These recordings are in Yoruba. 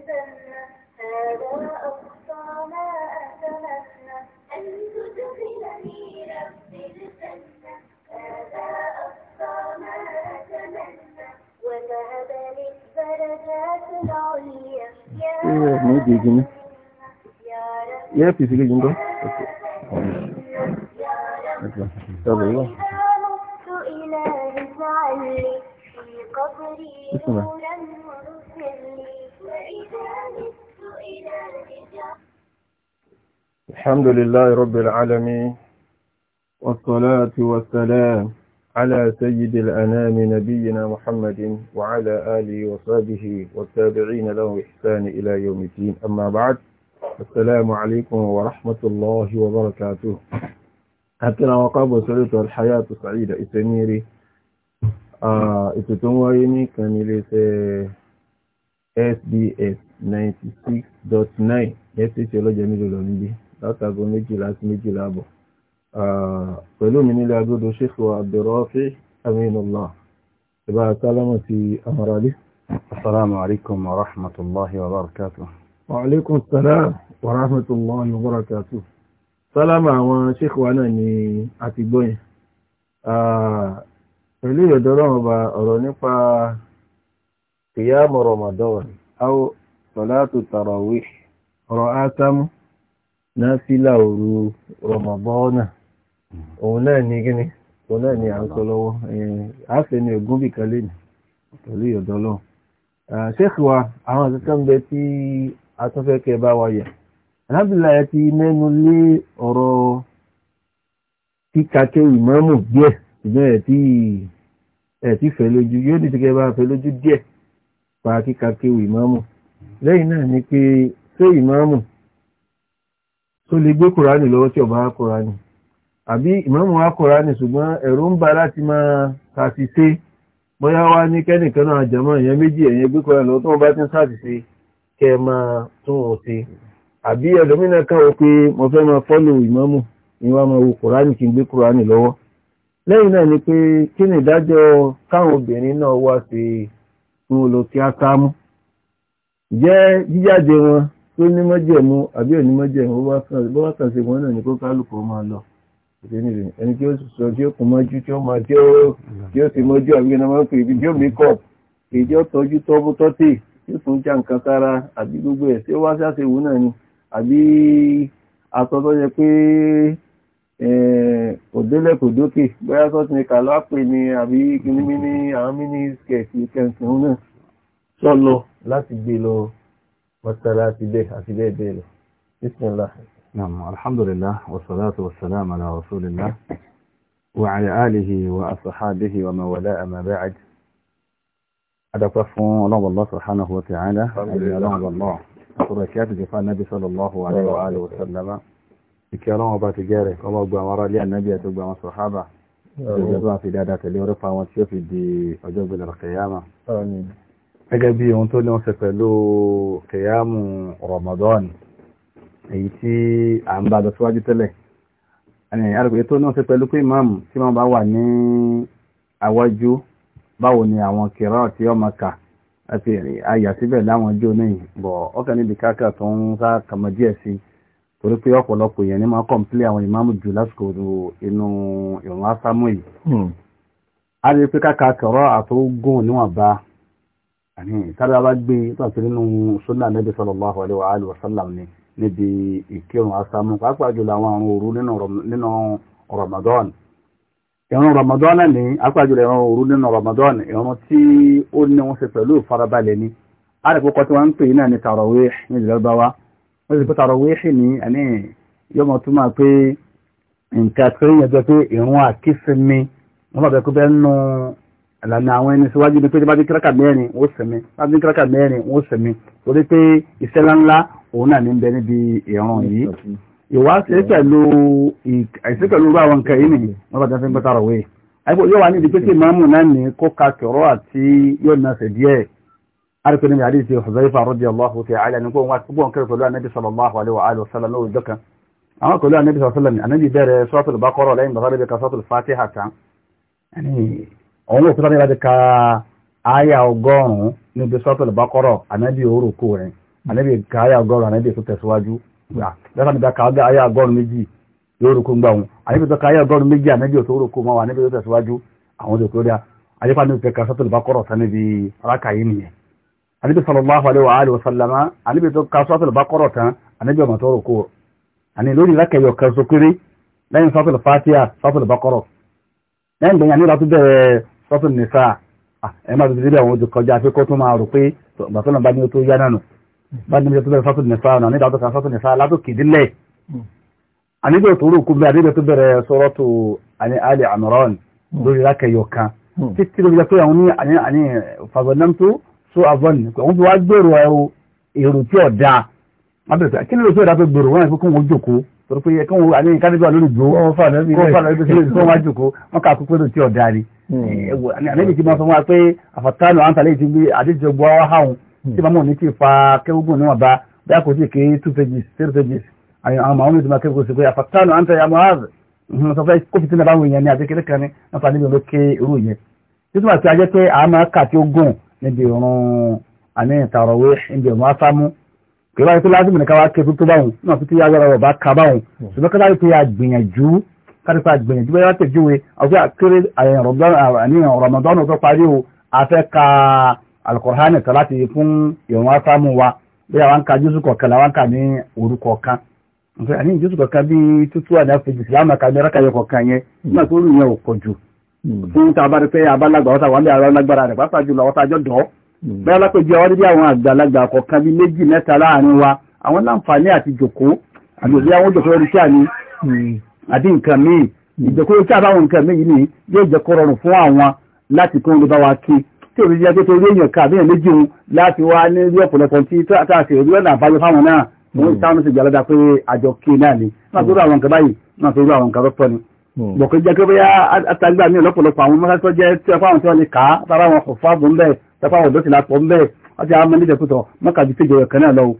الجنة هذا أقصى ما أتمنى أن تدخلني ربي الجنة هذا أقصى ما أتمنى وتهب لي الدرجات العليا يا ربي يا في يا ده؟ يا رب الحمد لله رب العالمين والصلاة والسلام على سيد الأنام نبينا محمد وعلى آله وصحبه والتابعين له إحسان إلى يوم الدين أما بعد السلام عليكم ورحمة الله وبركاته أكرا وقاب سلطة الحياة سعيدة إتنيري آه، إتتنويني كان ليس SBS 96.9 yẹ́sẹ̀ tí ọlọ́jẹ́ mélòó lọ níbi látago méjìlá sí méjìlá bọ̀ pẹ̀lú mi nílé agodo ṣèkò abdulrafi aminullah ìbá sálámù ti amarali. asalaamu alaykum wa rahmatulahi wa barakatu. wa aleykum salaam wa rahmatulahi wa barakatu. sálámù àwọn ṣèkò wa náà ni a ti gbọ́ yẹn. pẹ̀lú ìyọ̀dọ́rọ̀mọ̀ bá ọ̀rọ̀ nípa kìyàmù ramadan aw ọ̀rọ̀ átámù náfílà òru rọmọbọ́ọ̀nà òun náà ni gíní òun náà ní à ń sọ lọ́wọ́ àáfẹ́ ní ogún bìkan lẹ́nu pẹ̀lú ìyọ̀dọ́ lọ. ṣéèkì wa àwọn akẹ́kọ̀ọ́ ń bẹ tí a tún bá wa yẹ̀ alhamdulillah ẹ ti mẹ́nu lé ọ̀rọ̀ kíkakẹ́ ìmọ̀ọ́mù díẹ̀ ṣùgbọ́n ẹ̀ tí ẹ̀ tí fẹ́ lójú yóò dìtì kẹ́ bá fẹ́ lójú díẹ̀ pa kíkakẹ́ ìmọ̀ọ́mù lẹ́yìn náà ni pé ṣé ìmọ̀ọ́mù tó lè gbé kùránì lọ́wọ́ tí ọba kùránì àbí ìmáàmù wa kùránì ṣùgbọ́n ẹ̀rọ ń ba láti máa ka sí sé bóyá wá ní kẹ́nìkan náà àjọmọ́ ìyẹn méjì ẹ̀yẹn gbé kùránì lọ́wọ́ tó wọ́n bá ti ń ṣàṣìṣe kẹ́ ẹ máa tún mo fẹ́ máa fọ́lò ni wọ́n wo kùránì kí n gbé kùránì lọ́wọ́ lẹ́yìn náà ni pé kí ni ìdájọ́ káwọn obìnrin náà wá sí fún jẹ́ tó ní mọ́jẹ̀mú àbí òní mọ́jẹ̀mú bó bá kàn sí wọn náà ní kó kálukú máa lọ ẹni tí ó sọ tí ó kún mọ́jú tí ó máa tí ó tí ó ti mọ́jú àbí ẹni máa ń pè é tí ó mìíkọ̀ èyí tí ó tọ́jú tọ́bú tọ́tì tí ó tún já nǹkan sára àbí gbogbo ẹ̀ tí ó wá sáṣe wù náà ni àbí aṣọ tó yẹ pé òdélẹ̀ kò dókè bóyá sọ́ọ̀tì ni kàlọ́ àpè ni àbí kìnnìmí ní àwọn mínísíkẹ̀ẹ́sì mọ́sálásí bẹ́ẹ̀ àti bẹ́ẹ̀ bẹ́ẹ̀ lọ bismillah. naam alhamdulillah wasalaatu wasalaam ala rasulillah wa ala alihi wa asahabihi wa mawala ama ba'd. adapa fún ọlọ́wọ́lọ́ subhanahu wa ta'ala àti ọlọ́wọ́lọ́ àkùrọ̀ kí á ti jẹ́fà nábi sallallahu alayhi wa alihi wa sallama ìkẹ́ ọlọ́wọ́ bá ti gẹ́rẹ̀ ọmọ gbọ́ àwọn ará ilé ànábì àti gbọ́ àwọn tí ó fi gẹ́gẹ́ bí ohun tó ní wọ́n ṣe pẹ̀lú kẹyàmù Ramadan èyí tí a ń bá lọ síwájú tẹ́lẹ̀ àrùkùnrin tó ní wọ́n ṣe pẹ̀lú pé ìmáàmù tí wọ́n bá wà ní àwájú báwo ni àwọn kẹrọ tí ọmọ kà àti àyà síbẹ̀ láwọn jó ní bọ̀ ọkàn níbi káàkà tó ń sá kàmọ díẹ̀ sí torí pé ọ̀pọ̀lọpọ̀ èèyàn ní máa kọ̀m̀pílẹ̀ àwọn ìmáàmù jù lásìkò inú ìrún ásámù yìí hmm. a rí pé káàkà kẹrọ àtó níwọ̀nba tàbí a bá gbé tọ́sí nínú sunna nabi sallallahu alaihi wa alihi wa sallam ni níbi ìkírun asámú pàápàá jùlọ àwọn àrùn òru nínú ramadan ìrun ramadan ni pàápàá jùlọ ìrun òru nínú ramadan ìrun tí ó ní wọ́n ṣe pẹ̀lú ìfarabalẹ̀ ni àrẹ̀kọ́kọ́ tí wọ́n ń pè náà ní tarawih ní ìlọ́gbàwá wọ́n sì pé tarawih ni àní yọmọ tó máa pé nǹkan tó yẹn ìlànà àwọn ẹni síwájú ni pé tí bá ti kíráka mẹ́rin ó sẹ̀mí bá ti kíráka mẹ́rin ó sẹ̀mí torí pé iṣẹ́ ńláńlá òun náà ní bẹ níbi ìran yìí ìwà ṣe pẹ̀lú àìsí pẹ̀lú irú àwọn nǹkan yìí nìyí wọ́n bá ti fi ń pẹ́ta rọ̀ wé àìpọ̀ yóò wá ní ìdíkẹ́ sí ìmáàmù náà ní kó ka kẹ̀rọ àti yóò na ṣe díẹ̀ àríkò níbi àdìsí Huzaifa radiyallahu ta'ala ní kó wọn àti gbọ́n kẹrì pẹ̀lú wa alihi wa sallam lórí ìjọ kan àwọn pẹ̀lú anabi sallallahu alaihi wa sallam anabi bẹ̀rẹ̀ suratul Baqara lẹ́yìn bàbá rẹ̀ òun ló sọ́tọ́ ní láti ka àyà ọgọ́rùn-ún níbi sọ́tọ̀ ìbákọ́rọ̀ ànábì òórùkú rẹ̀ ànábì ka àyà ọgọ́rùn-ún ànábì èso tẹ̀síwájú gbà lọ́sàn níbi ka àyà ọgọ́rùn-ún méjì lórúkú gbà wọn ànábì tó ka àyà ọgọ́rùn-ún méjì ànábì èso òórùkú mọ́ wọn ànábì èso tẹ̀síwájú àwọn tó kúrò dá àyípa níbi ka sọ́tọ̀ ìbákọ́rọ̀ sani bi raka yìí nìyẹn ànábì sallallahu alaihi wa alihi wa sallama ànábì tó ka sọ́tọ̀ ìbákọ́rọ̀ tán ànábì ọmọ tó rò kó àní lórí lákẹyọ kan sókéré lẹ́yìn sọ́tọ̀ fatiha sọ́tọ̀ ìbákọ́rọ̀ lẹ́yìn gbẹ̀yìn àníbà tó sọ́tún nìsá ẹ máa tètè síbẹ̀ àwọn ojú kọjá pé kó tún máa rò pé bàtọ́ náà bá ní o tó yá náà nù bá ní o tó bẹ̀rẹ̀ sọ́tún nìsá ọ̀nà nígbà tó kan sọ́tún nìsá látòkè délẹ̀ hmm. ànígbà tó rò kú bí adébẹ̀ tó bẹ̀rẹ̀ sọ́rọ́ tó àní Ali Imran hmm. lórí lákẹyọ kan hmm. títí lórí pé àwọn ní àní àní torí pé ẹkún wo àní kánibà lórí gbó kó fà náà bí sílẹ̀ tó wá jòkó wọn kà kú pé lóòótọ́ ọ̀dà rí àlejò ti máa sọ wọn pé àfàtánù àǹtàlẹ́ ti gbé àdéjọ gbọ́ wá háwọn hmm. tí màmú ní ti fa kẹ́gbọ́n níwọ̀n bá bí a kò tí ké two pages three pages àwọn màmú mi ti máa kẹ́gbọ́n sí pé àfàtánù àǹtàlẹ́ àmọ́ ààrẹ sọ fẹ́ kó fìtí nàbáwò yẹn ní àdékẹ́lẹ́ kan ní wọn fà níbi ló ké irú yẹn títí wà sí ajẹ́ pé àmọ́ kà tí ó gùn níbi ìrún àní ìtàrọ̀wé ìwà ìpínlẹ̀ lásìmọ̀ ní káwá ké tó báwọn náà fi tíyá agbára ọba ká báwọn hmm. ṣùgbọ́n kọ́tà pé àgbìyànjú kárí pé àgbìyànjú bẹ́ẹ̀ tẹ̀júwe àwọn akéré àyẹ̀yàn Ramadan tó parí o afẹ́ ka Al-Qur'an kan láti fún ìrun asámú wa bí àwọn ka jésù kọ̀ọ̀kan làwọn kà ní orúkọ kan nfẹ àní jésù kọ̀ọ̀kan bíi tútù àná fèjì sílámù kan ní rákàyè kọ̀ọ̀kan yẹn hmm. nígbà tó rù yẹn ò Hmm. bẹ́ẹ̀ lápẹjọ àwọn dídí àwọn àgbàlagbà kọ̀ọ̀kan bí méjì mẹ́ta láàrin wa àwọn láǹfààní àti jòkó àgbègbè àwọn jòkó orí sáà ni àti nǹkan míì hmm. ìjòkó orí sáà báwọn nǹkan míì ni yóò jẹ́ kó rọrùn fún àwọn láti kó lè bá wa kí tí òbí jẹ́ tó rí èèyàn ká àbíyàn méjì òun láti wá ní rí ọ̀pọ̀lọpọ̀ tí àtàṣe òbí ọ̀nà àbáyọ fáwọn náà hmm. wọ́n táwọn sì gbàlọ́dà pé àjọ kí náà ni máa tó rú àwọn nǹkan báyìí máa tó rú àwọn nǹkan rọ́pọ̀ ni bọ̀kọ́ jẹ́ pé bóyá àtàgbà mi ọ̀lọ́pọ̀lọpọ̀ àwọn mọ́sásọ́ jẹ́ tí ọ̀pọ̀ àwọn tí wọ́n lè kà á tára wọn kò fáàbù ń bẹ́ẹ̀ tẹ́pá àwọn ọ̀dọ́ ti lápọ̀ ń bẹ́ẹ̀ wọ́n ti àmọ́ níjẹ̀ pẹ̀tọ̀ kan náà lọ́wọ́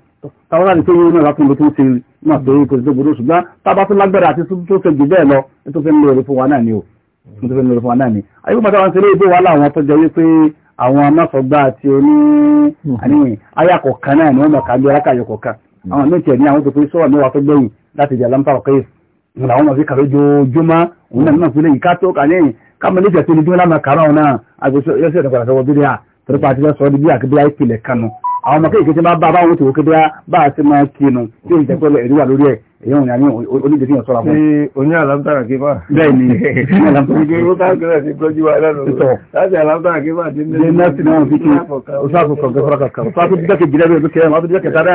táwọn láti tó yóò náà látún ló tó ń ṣe náà torí kò sí tó gbọdọ̀ ṣùgbọ́n tábà tó lágbára àti tó ṣe jù bẹ́ẹ̀ lọ tó fẹ́ ń lóore fún wa náà ni o mo tó fẹ́ ń lóore ni. àyíkú pàtàkì àwọn ìṣẹ̀lẹ̀ ìbò wa láwọn tó jẹ wípé àwọn amáfọgbà àti náà ni wọ́n mọ̀ kájú alákàyọ̀ kọ̀ọ̀kan àwọn méjì ẹ̀ ní àwọn tó pé sọ́wọ́ mẹ́wàá tó gbẹ̀yìn láti jẹ́ alámpá ọ̀kẹ́yìn ìgbà àwọn ọ̀fẹ́ kàwé jojúmọ́ òun náà nínú ìpínlẹ̀ yìí ká tó kà lẹ́yìn ká mọ̀ lẹ́jẹ̀ tó ní dúró lámà kàrọ̀ náà àgbẹ̀sọ̀ yọ́sẹ̀ torípa àti fẹ́ sọ ọ́ di bí àkébíyá ìpìlẹ̀ kanu àwọn ọmọ kéèké tí bá bá báwọn tó kéde bá a ti máa kinu tí èyí jẹ́ pé ẹ̀rí wà lórí ẹ̀ èyí òun ni onídìí fi hàn sọ́ra fún. ṣé oní àlámtàrà kí bá. bẹ́ẹ̀ ni ìgbé rúkà kílẹ̀ sí tọ́jú wa lẹ́nu láti àlámtàrà kí bá ti ní. ní nọ́ọ̀sì náà fi kí oṣù kọ̀ọ̀kẹ́ fọ́ra kàkà oṣù àti dídọ́kẹ̀ jìlẹ̀ bí olùkẹ́ wọn àti dídọ́kẹ̀ sára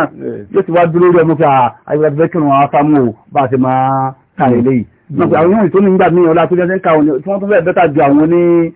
yóò ti wá dúró rẹ̀ mú kí ayélujára kírun àwọn afámú bá a ti máa kà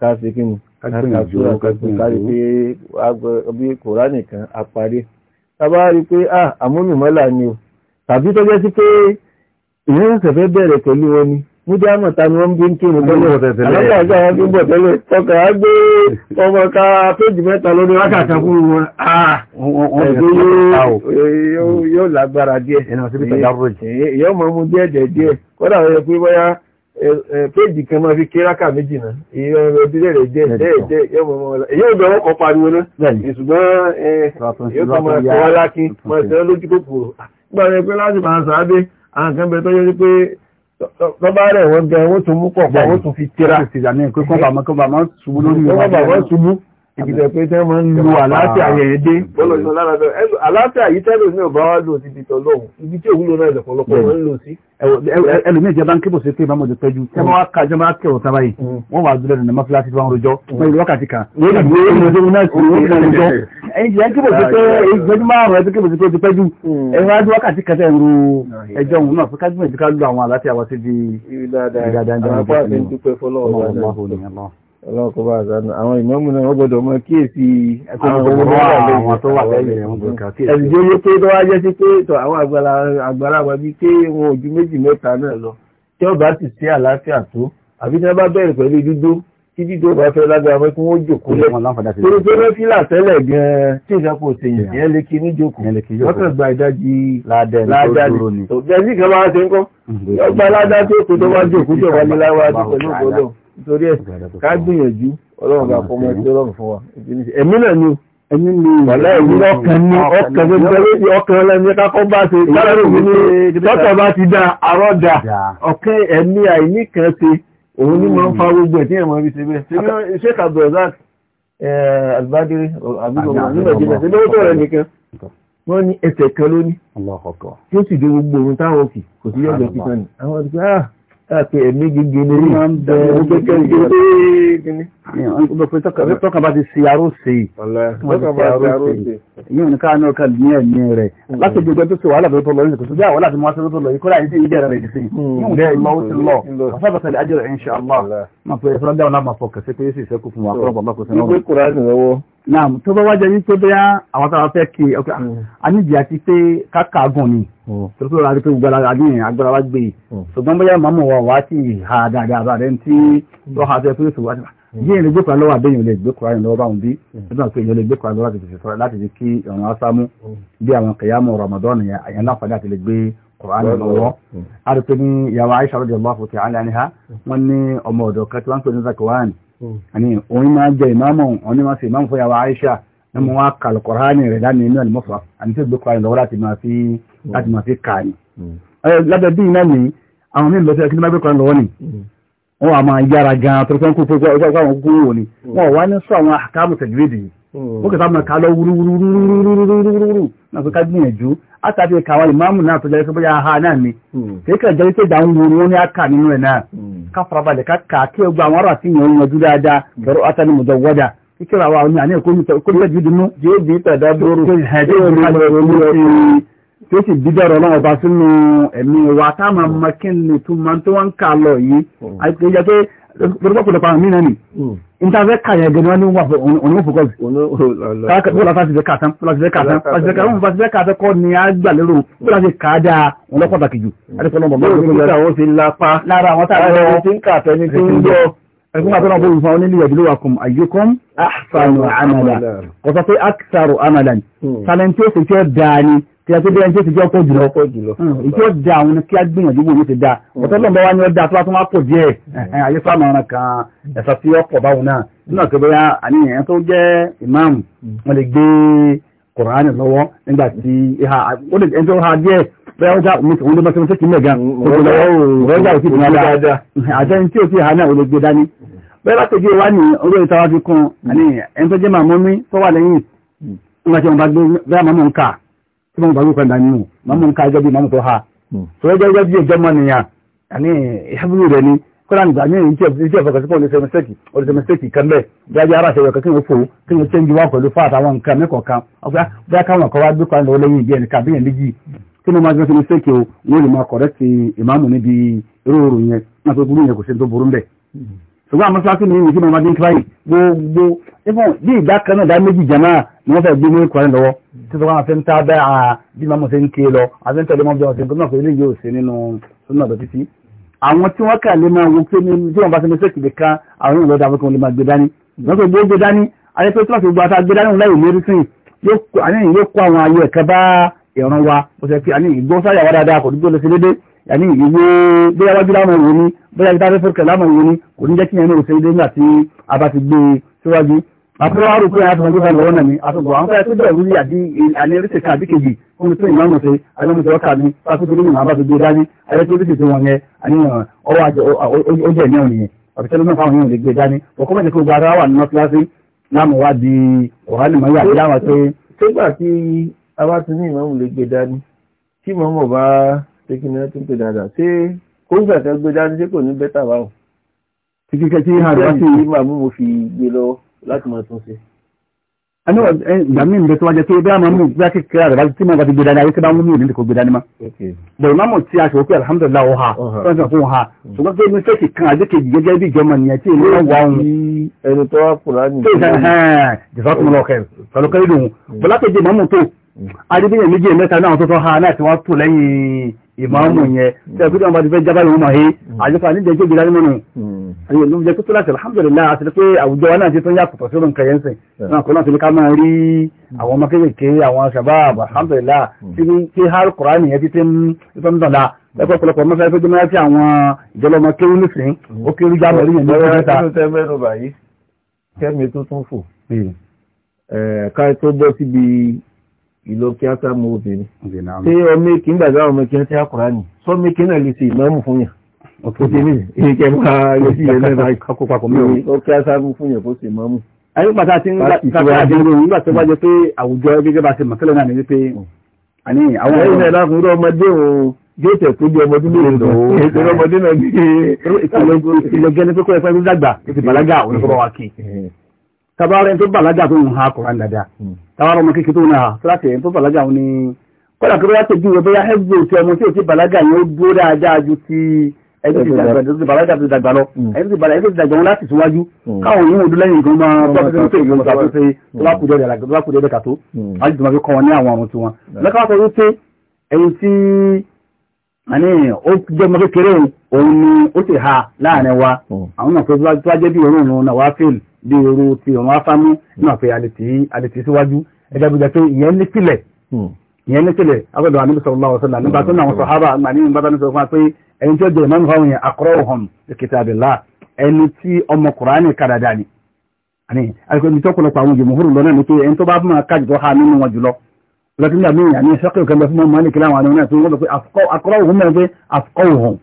káfí kí ni kárí pé bí kòránì kan àparí tàbá rí pé ah àmúnùmọ́là ni o tàbí tó jẹ́ sí pé ìyẹn ṣẹ̀fẹ́ ni níbi àmọ̀ ta ni wọ́n bí ń kírun tẹ́lẹ̀ alága ọjọ́ àwọn gbígbọ̀ tẹ́lẹ̀ tọkà á gbé ọmọ ká péjì mẹ́ta lórí wákàtà fún wọn ẹgbẹ́ yóò lágbára díẹ̀ yóò mọ̀ mú díẹ̀ díẹ̀ kódà wọ́n yẹ pé bóyá péèjì kan máa fi ké rákà méjì náà ìyẹn ọ̀rọ̀ ìbílẹ̀ rẹ̀ jẹ́ ẹ̀ẹ́dẹ́ yọ̀mọ̀ ọmọ ọ̀la èyí ò bẹ̀rẹ̀ ọkọ̀ pariwo náà ṣùgbọ́n yóò kọ́ máa tọ́ aláki máa tẹ́ lójú kòkòrò nígbà rẹ̀ pé láti máa sàádé àwọn kan bẹ tọ́jú pé tọ́ba rẹ̀ wọ́n gan wọ́n tún mú pọ̀ pọ̀ wọ́n tún fi tẹ́ra. kó bàbá mọ́ ṣubú lórí ìwà ìgbìtẹ̀ pé tẹ́ máa ń lu àlàáfíà yẹn dé. àlàáfíà yìí tẹ́lẹ̀ ní ọba wa lò ti di tọ́ lọ́hùn ibi tí òwúlò náà ìdọ̀pọ̀lọpọ̀ máa ń lò sí. ẹlòmíì ìjọba ń kébò sí pé ìbámu ọdún pẹ́jù tẹ́ máa ká jọba kẹwọ́ sábà yìí mm. wọ́n wà dúró lẹ́nu mọ́fíláṣí tí wọ́n rojọ́ wọ́n mm. ìlú wákàtí kan. wọ́n ìlú wákàtí kan. ẹ̀yin ọlọ́run kó bá àṣàánú àwọn ìmọ̀mù náà wọ́n gbọ́dọ̀ mọ kíyèsí ẹ̀sìnjẹ́ pé tó wá jẹ́ sí pé tọ àwọn àgbàlagbà bíi pé wọn ojú méjì mẹ́ta náà lọ tí ó bá ti ṣe àlàáfíà tó àbí tí wọ́n bá bẹ̀rẹ̀ pẹ̀lú dídó tí dídó bá fẹ́ lágbára mọ́ kí wọ́n jòkó lẹ̀ torí pé wọ́n fílà tẹ́lẹ̀ gan-an tí ìṣàkóso èèyàn yẹn lè kí ní jòkó wọ́n kàn gba ìdajì ládàlì tó bẹ́ẹ̀ sì kan máa ṣe ń kọ́ mm-hmm. ọgbà tó tó wá jòkó tó wá ní láwájú mm-hmm. pẹ̀lú ògbólóhùn nítorí ẹ̀ ká gbìyànjú ọlọ́run bá fọmọ ẹgbẹ́ ọlọ́run fún wa ẹ̀mí náà ni ẹ̀mí ni wàlẹ́ ẹ̀mí ọkàn ni ọkàn gbẹgbẹ lórí ọkàn lẹ́ni kákọ́ bá ṣe kálárì mi ni tọ́tọ̀ bá ti da àrọ́dà ọ̀kẹ́ ẹ̀mí àìní kan ṣe òun ni máa ń fa hmm. gbogbo ẹ̀ tí ẹ̀mọ́ ibi ṣe bẹ́ẹ̀ ṣé kàbọ̀zak albadiri àbíkọ̀ nígbà jìnnà ṣe lówó tó rẹ̀ nìkan wọ́n ní ẹsẹ̀ kan lóní pé ẹ̀mí gígé lórí tọ́ka bá ti ṣe aróṣe yíò ní káà náà kà ní ẹ̀mí rẹ̀ hmm. láti gbogbo tó ṣe wàhálà tó lọ yìí tó jẹ́ àwọn láti mọ́ tó lọ yìí kó láyé sí ìdí ẹ̀rẹ̀ ìdí sí hmm. yíò ní hmm. lọ ó ti lọ ọ̀sábàtà lè ajẹ́rẹ̀ insha Allah máa pẹ̀lú máa fọkà sí náà tó bá wájẹ wípé bẹ́yà àwọn tàbí fẹ́ kí ọkọ̀ àníjì hmm. àti pé káàkà gùn ni tó tó rárí pé gbogbo ara ní agbára wá gbé hmm. ṣùgbọ́n bẹ́yà màmú wa wá sí ìhà dáadáa bá rẹ̀ tí wọ́n hmm. ha fẹ́ pé ṣùgbọ́n àti yí ìrìn gbé kan lọ́wọ́ àbẹ́yìn olè gbé kan lọ́wọ́ báwọn bí nígbà pé ìyẹn olè gbé kan lọ́wọ́ àti tòṣìṣọ́ láti fi kí ọ̀run asámú bí àwọn kẹyàmọ̀ Ramadan yẹn àyàn láǹfààní àti lè gbé Kùránì lọ́wọ́. A rí pé ní ìyàwó Aisha radiyallahu ta'ala anha wọ́n ní ọmọ ọ̀dọ̀ kan tí wọ́n ń pè ní Zakwan àní òun máa jẹ ìmáàmù òun ní máa ṣe ìmáàmù fún yàrá Aisha ní mo wá kà Al-Qur'ani rẹ̀ dání inú ẹ̀lmọ́fà àní tó gbé kọ́ra lọ́wọ́ láti máa fi mm. kà ní. Mm. lábẹ́ bí iná ni àwọn míì lọ́sẹ̀ kí ni máa gbé kọ́ra lọ́wọ́ ni mm. wọ́n wà máa gan-an tó fẹ́ kó fẹ́ kó àwọn kúkú wò ni wọ́n wá ní sọ àwọn àkàmù ó kẹta mọ̀ ká lọ wúrúwúrúwúrúwúrúwúrú náà fi ká gbìyànjú látàbí ẹ̀ka àwọn ìmáàmù náà tó jẹ́ pé bóyá ha náà ni kéèkà jẹ́ pé ìdáhùn wo ni wọ́n ní àkà nínú ẹ̀ náà ká farabalẹ̀ ká kà kí ọgbà àwọn ará àti ìyẹn yanjú dáadáa kẹrọ átàní mọ̀jọ wọ́dà kíkẹ́ ra wa ní àní ẹ̀kọ́ olùkọ́ bí dunu. yóò bí tàdá dóró tó sì bí dọ̀rọ̀ náà ọba sínú ẹ̀mí wa táwọn ọmọ kí ni tó máa tó wọn kà lọ yìí àti lórúkọ kò lọ́pàá mí náà nì ìtàfẹ́ hmm. kàyẹ̀ gẹ̀ẹ́ni wọ́n ní wà fún òun fòkọ́ sí wọ́n láti fẹ́ kàtán láti fẹ́ kàtán láti fẹ́ kàtán láti fẹ́ kàtán kọ́ ni a gbà lérò wọ́n láti kàá dáa wọn lọ́ pàtàkì jù hmm. ẹgbẹ́ àtọ́nà bó ìfà onílé ẹ̀dùlú àkùn àyíkún àfàànù àmàlà ọ̀sọ̀ pé àkìsàrò àmàlà ni tàlẹ́ntí ó sì jẹ́ dáa ni kí a tó bí ẹni tó ti jẹ́ ọkọ̀ jùlọ ọkọ̀ jùlọ hmm, ìjọ da àwọn ni kí a gbìyànjú wo ló ti da hmm. ọ̀tọ́ lọ́nà wa ni ó da tó bá tó máa pọ̀ díẹ̀ hmm. ayé sáà máa ràn kan ẹ̀sà tí ó pọ̀ báwọn náà nínú àkẹ́bẹ́yà àníyàn tó jẹ́ ìmáàmù wọn lè gbé kùránì lọ́wọ́ nígbà tí ẹni tó ha díẹ̀ bẹ́ẹ̀ ọjà òun ló bá tó ń tẹ́kì mẹ́ga ọjà òsì ìdìnnà dáadáa àtẹni tí ó ti ha náà ó lè gbé dání tí mo ń gbàgbé kan dání nù màmú ń ká bíi màmú tó ha hmm. tó ẹjọ́ ẹjọ́ bíi ẹjọ́ mọ́ nìyà àní ìyàbúrò rẹ̀ ni kọ́lá nígbà ní ìyẹn tí ẹ̀fọ́ kàṣípọ̀ olùsẹ̀ mistake olùsẹ̀ mistake kan bẹ́ẹ̀ jáde ara ṣẹ̀yọ̀ kan kí wọ́n fò kí wọ́n ṣe ń wá pẹ̀lú fáà àtàwọn nǹkan mẹ́kọ̀ọ́ kan ọ̀gá bí akáwọn kan wá gbé kan lọ́wọ́ lẹ́yìn ìdí ẹnìkan àbíyàn méjì kí ni wọ́n máa ṣe mistake o wọ́n lè máa correct ìmáàmù níbi eré yẹn wọ́n tó burú yẹn kò ṣe tó burú bẹ́ẹ̀ ṣùgbọ́n àmọ́ sáfì ní ìwé tí mo máa dín kíláyì gbogbo ifon bí ìdá kan náà dá méjì jẹ̀má ni wọ́n fẹ́ gbé ní kọrin lọ́wọ́ tí wọ́n máa fi ń ta bẹ́ à bí màmú ṣe ń ké lọ àti ń tẹ̀lé mọ́ bí wọ́n ṣe ń gbọ́dọ̀ pé eléyìí ò nínú sọ́nà ọ̀dọ̀ títí. àwọn tí wọ́n kà lè máa wo pé tí wọ́n bá ṣe mistake lè kan àwọn ìwé fún lè wọ́n fẹ́ gbé yàní ìwé bóyá wájú láwọn ìwé ní bóyá ìta fẹ́ fẹ́kẹ̀ láwọn ìwé ní kò ní jẹ́ kí ẹni òṣèré dé nígbà tí a bá ti gbé síwájú àpẹẹrẹ àrùn pé àti ọjọ́ ìlọ́wọ́ náà ni àtúgbò àwọn fẹ́ẹ́ tó bẹ̀rẹ̀ lórí àdí ànírísè kan àbí kejì fún tó ìmọ̀ ọ̀nà ṣe àdéhùnṣe ọkà ní pásítọ̀ nínú àwọn àbájọ gbé dání ayé tó lóṣèṣe wọn ìmọ̀ nìyẹn gbé dání ọkọ̀ mẹ́jẹ pé kí ni wọ́n tún pè dáadáa ṣé kóńgà kan gbé dání ṣé kò ní bẹ́tà báwọn. tí kíkẹ́ tí hàn wá sí ìmọ̀ mú mo fi gbé lọ láti máa tún ṣe. ẹnu eh, ìgbà míì nbẹ tó wájẹ pé bí a máa mú ìgbà kékeré àrẹ báyìí tí mo bá ti gbé dání ayé tí bá ń mú ìrìn kò gbé dání ma. bẹ̀rù máa mọ̀ tí a sọ pé alihamudulilayi ọha fẹ́ẹ́ fún ọha ṣùgbọ́n pé mi fẹ́ẹ́ kan àdékejì gẹ́gẹ́ bí ìjọba nìyẹn tí èmi wà ń. ẹni tó wá kúrò á nìyẹn. jẹ̀fọ́ ìmáàmù mm. yẹn tí a kúrò àwọn àti fẹ́ jábàlì wọn mọ̀hé àjọpá ní jẹ́jẹ́ ìgbìlá nínú ayé ló jẹ́ kútó láti alhamdulillah àti pé àwùjọ wa náà ti tún yàtọ̀ sórí nǹkan yẹn sìn náà kó náà ti ká máa rí mm. àwọn ọmọ kéékèèké àwọn shabab alhamdulillah mm. tí kí har quran yẹn ti ti ń tó ń dọ̀la ẹgbẹ́ ọ̀pọ̀lọpọ̀ ọmọ fẹ́ẹ́ fẹ́ẹ́ mẹ́ta àwọn ìjọba ọmọ kéwú nìsín ó kéwú jábọ̀ rí yẹn lọ́wọ́ kẹ́mi tó tún fò ká tó bọ́ síbi ìlò kí á sá mú obìnrin tí ọmọ èkì ń gbàgbà ọmọ èkì ń tí á kùrá nì sọ ọmọ èkì náà lè ṣe ìmọ̀ọ́mù fún yàn òkè ní ìkẹ́ máa lè sí ẹ̀ náà kó papọ̀ mẹ́rin ó kí á sá mú fún yàn kó sì mọ́ọ́mù. ayé pàtà tí ń gbàgbà àjẹrò nígbà tó bá jẹ pé àwùjọ gẹ́gẹ́ bá ṣe mọ̀ tẹ́lẹ̀ náà ni wípé àní àwọn ẹ̀yìn náà lákùnrin ọmọdé òun yóò tẹ̀ tó jẹ́ ọmọdé mẹ́rin lọ ìṣòro ọmọdé náà ní ìṣòro ìṣòro gẹ́ni pé kó ẹ tabaro en tó bàlágà tó ń ha Qur'an dada hmm. tabaro mo kiki tó na láti en tó bàlágà oni kódà kó bá te ju bóyá hebu ti ọmọ tí ó ti bàlágà yẹn ó dúró dáadáa ju ti ẹni tí dàgbà tó ti bàlágà tó dàgbà lọ ẹni tí bàlágà tó ti dàgbà wọn láti síwájú káwọn yìí wọn dún lẹ́yìn nǹkan máa bá tó tó ìgbìmọ̀ tó ṣe lákùjọ rẹ̀ lákùjọ rẹ̀ kàtó àti tó máa kọ́ wọn ní àwọn àrùn tiwọn lọ́kàwọ́ àní ó jẹ́ ọmọ kékeré òun ni ó sì ha láàrin wa mm. Mm. àwọn náà tó bá jẹ́ bí òórùn òun náà wá fèl bí ooru ti òun wá fámú náà pé àlètì síwájú ẹgbẹ́ bí jẹ́ ìyẹn ní sílẹ̀ mm. ìyẹn ní sílẹ̀ agbọ́dọ̀ àníbi sallallahu alaihi wasallam nígbà tó náà wọn sàhábà àgbà ní ìbátan ní sọ fún wa pé ẹni tí ó jẹ́ ìmọ̀ fáwọn yẹn aqra'uhum li kitabillah ẹni tí ọmọ kùránì kàdàdà ni àní àti لكن لا مين يعني فقه كان بفهم مالك كلام على الناس يقول لك اقراهم يعني افقههم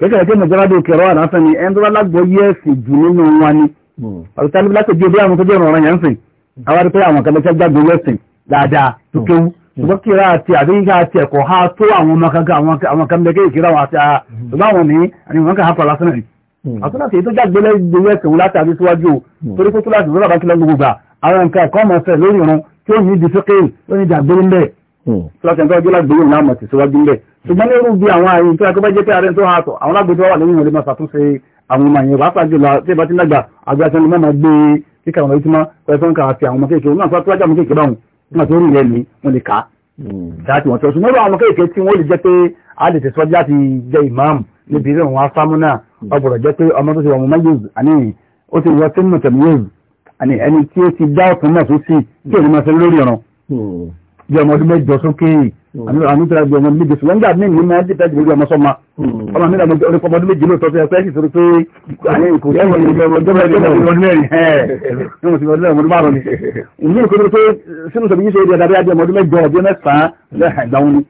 كده مجرد القراءه عشان ان ده لا بويه في جنون واني او تعالى يعني في awari pé àwọn kan lọ́jọ́ gbàgbé wẹ́sìn dáadáa tó kéwú ṣùgbọ́n kíra àti àdéhìká àti ẹ̀kọ́ ha tó àwọn ọmọ kankan àwọn kan lẹ́gẹ́ ìkíra àwọn àti àtúgbà wọn ní àníwọ̀n kan hapa lásán rí àtúnṣe àti èyí tó jágbé lẹ́gbẹ̀ẹ́ wẹ́sìn látàrí síwájú torí kó tó láti lọ́dọ̀ bá àwọn nǹkan ẹ̀kọ́ ọmọ tí ó ní di fẹ́kẹ́ ó ní dàgbérí mbẹ́ hmm. lọ́sẹ̀ tó gbéra gbéyìn náà mọ̀ tẹ̀síwájú mbẹ́ ṣùgbọ́n ní irú bí àwọn ààyè tó yẹ kó bá jẹ́ pé ààrẹ tó hà tọ̀ àwọn alágbèjọ́ wà lẹ́yìn ìrìnà ṣàtúnṣe àwọn ọmọ yẹn pàápàá jùlọ tí ìbá ti dàgbà àgbà sẹ́ni mọ́ máa gbé kíkà àwọn ìtumá pẹ̀sán kà àti àwọn ọmọ kéèké wọn lè kà á hmm. ọmọ a lè tó ti wà mọ́ máyèz àní ó ti wọ́ sínú tẹ̀míyèz àní ẹni tí ó ti dá ọ̀tún náà tó sí tí òní máa ṣe lórí ọ̀ràn hmm. bí ọmọ ọdún mẹ́jọ sókè àmì ìtura bí ọmọ ọdún méje ṣùgbọ́n gbàgbé ní máa ń dìtẹ́ jù lórí ọmọ sọ́ma hmm. ọmọ mi làwọn ọdún ọmọ ọdún méje lóòótọ́ sí ẹsẹ̀ ìṣòro pé kò sí ọmọ ọdún mẹ́rin ọmọ ọdún mẹ́rin ọmọ ọdún mẹ́rin ọmọ ọdún márùn-ún ní ìkọ́ni pé sínú sọ̀bí yìí ṣe é di ọ̀dàbí ọmọ ọdún mẹ́jọ ọdún mẹ́sàn-án lẹ́hìn ìgbà wọn ni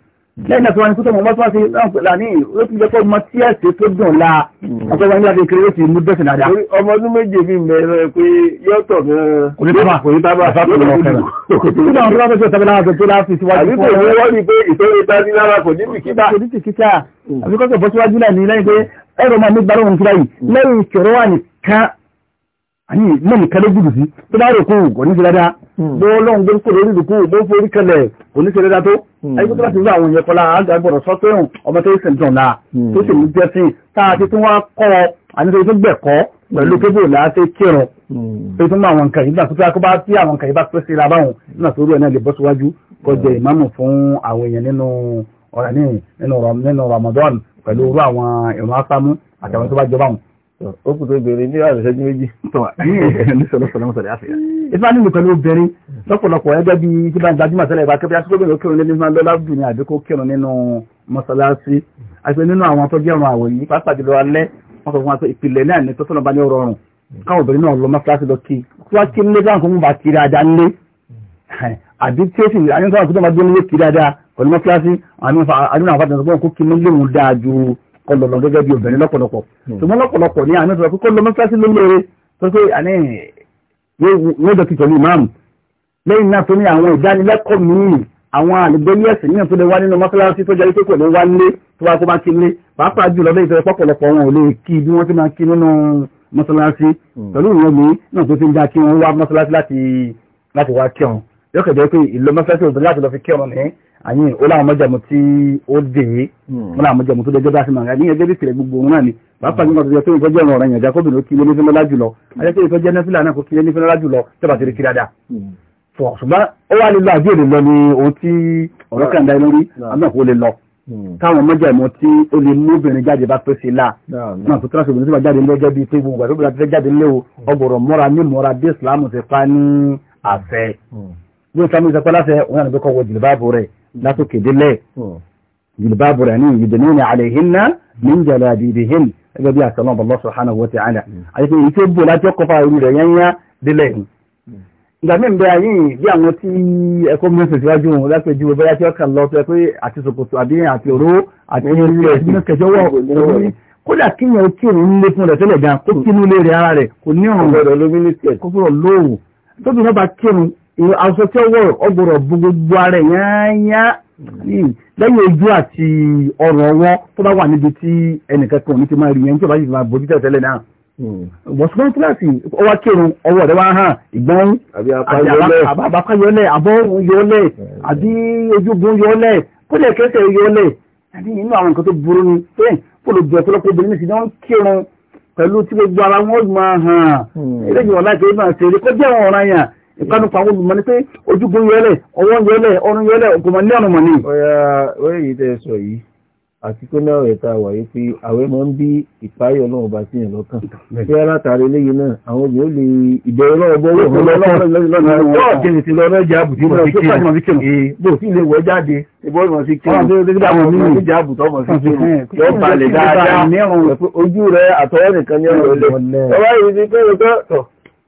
lẹ́yìn náà tó wá ní sọ́tọ̀ mọ̀ bá tó wá sí láǹpẹ̀lá ní ó ti jẹ́kọ́ ọmọ tí ẹ̀sẹ̀ tó dùn la àtọ́wọ́ hmm. ní láti kéré ó ti mú bẹ́sẹ̀ dáadáa. ọmọ ọdún méje mi mẹ́rọ ẹ pé yọ́tọ̀ gan-an. kò ní tábà kò ní tábà sábà lọ kẹrẹ. nígbà wọn tó bá fẹsẹ̀ sábà láwọn tó láti síwájú fún ọ. àbí kò ní pé ìtọ́jú ìtajú lára kò ní bìkítà. kò ní lọ́wọ́lọ́wọ́ gbé kúrò lórí ìdìkú ló forí kẹlẹ̀ oníṣẹ́ dáadáa tó ẹgbẹ́ tó bá ti rí àwọn èèyàn kọlá àgbà gbọ́dọ̀ sọ pé òun ọmọ tó ṣe dùn náà tó sì ní jẹ́ sí tá a ti tún wá kọ́ ọ àníṣe tó gbẹ̀kọ́ pẹ̀lú pé bò láti kírun pé tó mú àwọn nǹkan yìí náà tó tó bá tí àwọn nǹkan yìí bá pèsè ra báwọn nígbà tó rú ẹ̀ náà lè bọ́ síwájú kọjá Ramadan pẹ̀lú orú àwọn ìrún ásámú àtàwọn tó bá jọba wọn ó kù tó bèèrè ní ya ìṣẹ́jú méjì. ìfẹ́ ní nìkan ló bẹ̀rẹ̀ lọ́pọ̀lọpọ̀ ẹgbẹ́ bíi tí bá ń gbajúmọ̀ tẹ́lẹ̀ ìbá kẹ́bí asúgbó bẹ̀rẹ̀ kírun nínú lọ́lá dùn ní àbíkó kírun nínú mọ́sálásí àti nínú àwọn tó jẹ́rùn àwọ̀ yìí pàápàá jùlọ alẹ́ wọ́n sọ fún wa pé ìpìlẹ̀ náà ní tọ́sọ́nà bá ní ọ̀rọ̀ ọ̀rùn káwọn obìnrin náà lọ mọ́sálásí lọ kí tí wọ́n kí nílé bá ń kó mú bá kiri ajá nílé àbí tí ó sì àyẹ̀ntàn àti tó máa dúró nílé kiri ajá pẹ̀lú mọ́sálásí àwọn àdúrà àfàdàn sọ pé òun kó kí nílé kọ́ lọ́lọ́ gẹ́gẹ́ bí obìnrin lọ́pọ̀lọpọ̀ hmm. ṣùgbọ́n lọ́pọ̀lọpọ̀ ní àná tó sọ pé kọ́ lọ mọ́sáàsì lólóore tó pé àní yóò jọ ti tẹ̀lé ìmáàmù lẹ́yìn náà tó ní àwọn ìdánilẹ́kọ̀ọ́ míì àwọn àlùgbẹ́lì ẹ̀sìn mìíràn tó lè wá nínú mọ́sálásí tó jẹ́ pé kò lè wá nílé tó bá kó bá ti lé pàápàá jùlọ lẹ́yìn tó pọ̀pọ̀lọpọ̀ wọn ò lè kí bí wọ́n ti máa kí nínú mọ́sálásí hmm. pẹ̀lú ìwọ̀n mi náà tó ti ń dá kí wọ́n wá mọ́sálásí láti wá kí wọn yóò kẹjọ pé ìlú mọ́sálásí òfin láti lọ fi kí ọ̀rọ̀ ní àyìn ó láwọn mọ́jàmú tí ó dè é wọn láwọn mọ́jàmú tó dẹjọ́ bá sí màgá ní ẹgbẹ́ bí tìrẹ gbogbo òun náà ni pàápàá nígbà tó yẹ pé ìtọ́jú ẹ̀rọ ọ̀rọ̀ ìyànjá kóbìnrin ó kí ilé nífẹ̀ẹ́ lọ́lá jùlọ ayé pé ìtọ́jú ẹnẹ́fìlà náà kó kí ilé nífẹ̀ẹ́ jùlọ tẹ́bà ti rí kí dáadáa hmm. fọ̀ ṣùgbọ́n ó wá lílo àbíèrè lọ ni ohun tí ọ̀rọ̀ kàn dá lórí àmọ́ kó lè lọ hmm. táwọn mọ́jàmú tí ó lè mú obìnrin jáde bá tó ṣe náà tó tẹ́lá ṣòbìnrin tó bá jáde ńlẹ́ gẹ́gẹ́ bíi pé gbogbo àti obìnrin tó fẹ́ jáde ńlẹ́ o hmm. ọgbọ̀rọ̀ mọ́ra ní mọ́ra bí ìsìlámù ti pa ní àfẹ́ bí o sàmì ìsọpẹ́ láti wọn náà bẹ́kọ̀ wọ jìlìbáàbù rẹ̀ látòkè délẹ̀ hmm. jìlìbáàbù rẹ̀ ní ìdènà ní àlèhìnà ní ìjẹ̀lẹ̀ àdìdìhìn ẹgbẹ́ bí àtàlọ́ bọ̀lọ́ subhanahu wa ta'ala hmm. àti pé èyí tó bò láti ọkọ̀ fa irú rẹ̀ yányá délẹ̀ hmm. ìgbà mí bẹ ayé bí àwọn tí ẹ̀kọ́ mẹsàn síwájú wọn lápẹ ju bóyá tí ọkàn lọ tó ẹ pé àti ṣòkòtò àbí bá kírun aṣọ tí ó wọ̀ ọgbọ̀rọ̀ bu gbogbo ara yányá lẹ́yìn ojú àti ọ̀rọ̀ wọn tó bá wà níbi tí ẹnìkankan ní ti máa rí yẹn tí ó bá yìí máa bójú tẹ́lẹ̀ náà hmm. wọ̀sùn kíláàsì ó wá kírun ọwọ́ rẹ̀ wá hàn ìgbọ́n àbí apá yọlẹ̀ àbọ̀ yọlẹ̀ hmm. àbí ojúgun yọlẹ̀ kódà kẹsẹ̀ yọlẹ̀ àbí inú àwọn nǹkan tó burú ni pé fòlùbẹ̀ ọ̀pọ̀lọpọ̀ obìnrin nìsí ni pẹ̀lú tí gbogbo ara wọn máa hàn hmm. eléyìí wọn láti ẹgbẹ́ àti èrè kọjá àwọn ọ̀ràn yàn ìkànnì pa àwọn olùmọ̀ ni pé ojúgun yẹlẹ̀ ọwọ́ yẹlẹ̀ ọrùn yẹlẹ̀ ògùnmọ̀ ní ọ̀nà mọ̀ ni. ọ̀yà wẹ́rẹ̀ yìí tẹ́ sọ yìí àti pé náà ẹ̀ta wàyé pé àwẹ̀ máa ń bí ìpáyọ̀ náà bá sí yẹn lọ́kàn bí alátàrí eléyìí náà àwọn obìnrin lè ìbẹ̀rẹ̀ náà bọ́ wọ̀ fún lọ́kàn yóò kéde ti lọ lọ́jà àbùtí mọ̀ sí kéde bó sì lè wọ́ jáde ìbọn mọ̀ sí kéde àwọn mímú ìjà àbùtọ́ mọ̀ sí kéde yọ balẹ̀ dáadáa ojú rẹ̀ àtọwọ́ nìkan ní ọ̀rọ̀ ilẹ̀ ọwọ́ yìí ti pé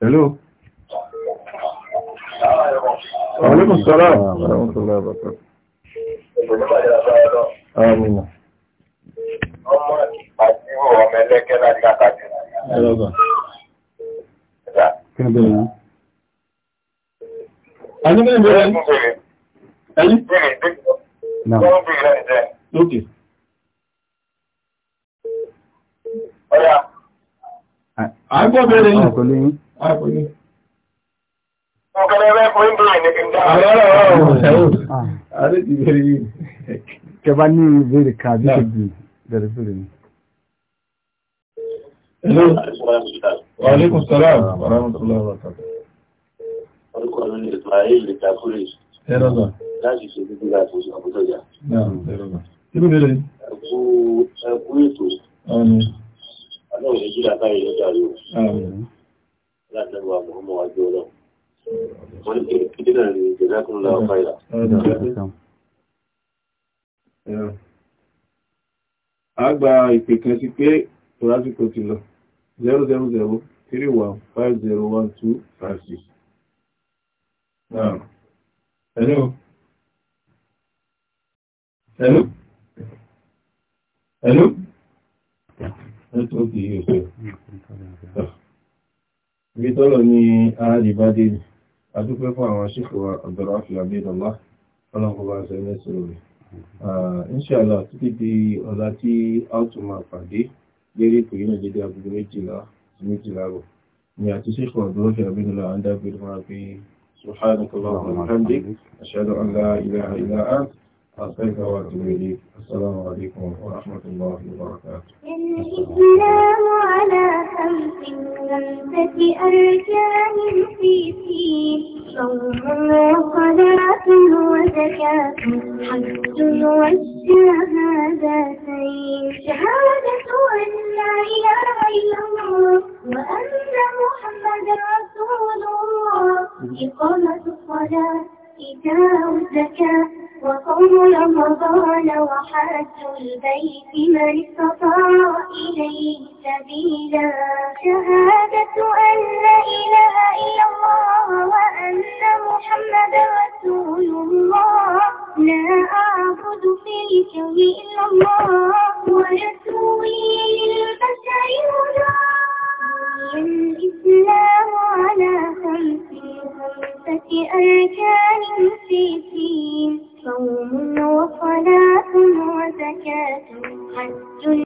Hello. Aleykum salaam. Aleykum salaam. Àmín. Ọmọ àti ọmọ ẹlẹ́kẹ́ láti kàkàtì. Ẹlọ́gbà. Kẹ́bẹ̀ yìí. A ní bẹ́ẹ̀ bẹ́ẹ̀. Ẹni? Náà. Lókè. Ọya. Àgbọ̀ bẹ̀rẹ̀ yìí. Kẹba ní ìbéèrè kan àbí kèbì bẹ̀rẹ̀ bẹ̀rẹ̀ ni. Hello. Wa alaikum salam. Wa rahmatullahi wa barakatuh. Orúkọ mi ni Ismail Takuri. Ẹ̀rọ̀gbà. Láti ṣe títí láti oṣù Àbútọ́jà. Ẹ̀rọ̀gbà. Kí ló bẹ̀rẹ̀? Ẹkú ètò. Ọ̀nà. Àlọ́ òṣèjì làbáyé lọ́jà rẹ̀ láti wà mọ́mọ́ àjọ lọ. Wọ́n ní kíkí náà ní ìjẹ́lákùn lọ fáìlà. A gba ìpè kan sí pé Tòlásìkò ti lọ 000 31 5012 56. Now, hello. Hello? Hello? That's what you use. Ibi tọ́lọ̀ ní àádìbádé adúpẹ́ fún àwọn ṣíkòwà Abdurrafi Abidullah, ọlọ́nkọba ṣẹlẹ̀ sọ̀rọ̀. Ah, Inṣàlá títí di ọ̀la tí a tún máa pàdé lérí ìpìlẹ̀ náà dédé agogo méjìlá sí méjìlá rọ̀. Ni àti ṣíkòwà Abdurrafi Abidullah ń máa fi Subhanakallahumma wa bihamdik, أستغفرك وأتوب إليك السلام عليكم ورحمة الله وبركاته الإسلام على خمس خمسة أركان في سين صوم وقدرة وزكاة حج والشهادات وحاج البيت من استطاع إليه سبيلا شهادة